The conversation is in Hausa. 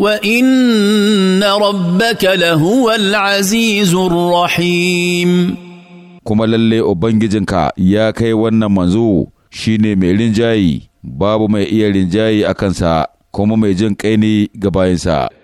وان ربك لهو العزيز الرحيم kuma lalle ubangijinka ya kai wannan manzo shine mai rinjayi babu mai iya rinjayi a kansa kuma mai jin kai ga bayansa